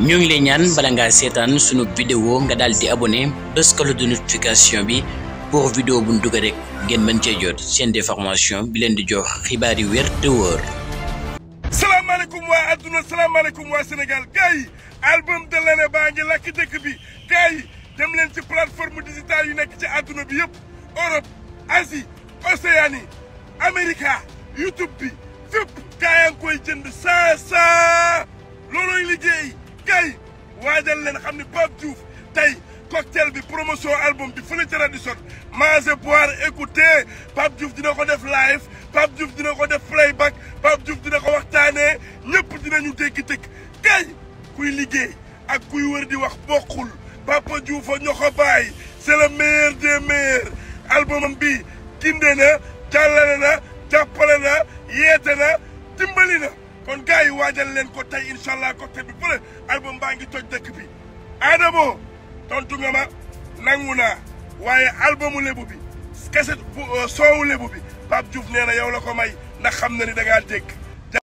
ñu ngi lay ñaan bala nga sétane suñu vidéo nga dal di abonné bés cloche de notification bi pour vidéo bu dugg rek ngeen mën ci jot seen déformation bi leen di jox xibaar yu wër te alaykum wa aduna salam alaykum wa Sénégal gay album de l'année ba ngi lak dëkk bi gay dem leen ci plateforme digitale yu nekk ci aduna bi yépp Europe Asie Océanie america YouTube bi fep gars yaa koy jënd sa saa loolooy liggéey. kay waajal leen xam ne Pape cocktail bi promotion album bi fële ca rajo Sot manger boire écouter pap djouf dina ko def live pap djouf dina ko def playback pap djouf dina ko waxtaanee ñepp dinañu dégg tëkk kay kuy liggé ak kuy wër di wax bokul Papa Diouf a ñoxo baay c'est le meilleur des meilleurs albumam bi ginde na jàllale na jàppale na yeete na dimbali kon gars yi waajal leen ko tey incha allah cocktail bi fële album baa ngi toj dëkk bi. Adamo tontu nga ma nangu naa waaye albumu lébu bi kaset euh, soowu lébu bi Pape Diouf nee na yow la ko may ndax xam na ni da ngaa dégg.